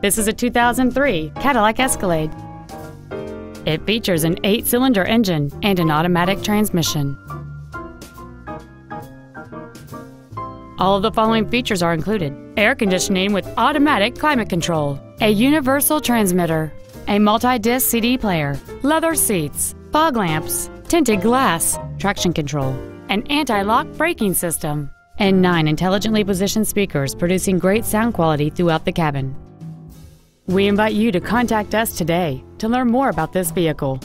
This is a 2003 Cadillac Escalade. It features an eight-cylinder engine and an automatic transmission. All of the following features are included. Air conditioning with automatic climate control, a universal transmitter, a multi-disc CD player, leather seats, fog lamps, tinted glass, traction control, an anti-lock braking system, and nine intelligently positioned speakers producing great sound quality throughout the cabin. We invite you to contact us today to learn more about this vehicle.